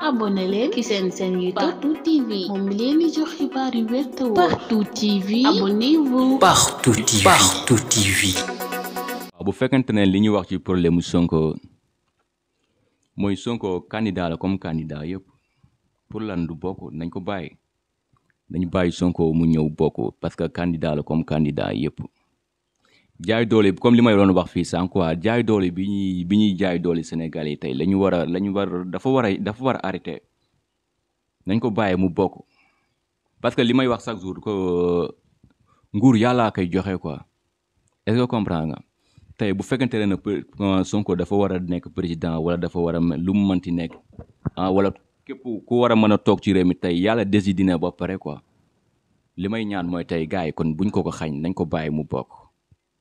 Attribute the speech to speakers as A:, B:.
A: abonné leen ci seen seen YouTube moom leen di jox xibaar yu wér Partout TV abonnez-vous Partout
B: Partout TV waaw bu fekkente ne li ñuy wax ci problème mu Sonko mooy Sonko candidat la comme candidat yëpp pour lan bokk nañ ko bàyyi nañ bàyyi Sonko mu ñëw bokk parce que candidat la comme candidat yëpp jaay doole comme li may doon wax fii sànq quoi jaay doole bi ñuy bi ñuy jaay doole Sénégal yi tey la ñu war a la ñu war dafa war a dafa war a arrêté nañ ko bàyyee mu bokk parce que li may wax chaque jour ko euh, nguur yàllaa koy joxe quoi est-ce que comprendre nga tey bu fekkente ne ne euh, Sonko dafa war a nekk président wala dafa war a lu mu mënti nekk ah wala képp ku war a mën a toog ci réew mi tey yàlla décidé dina ba pare quoi li may ñaan mooy tey gars yi kon buñ ko ko xañ nañ ko bàyyi mu bokk.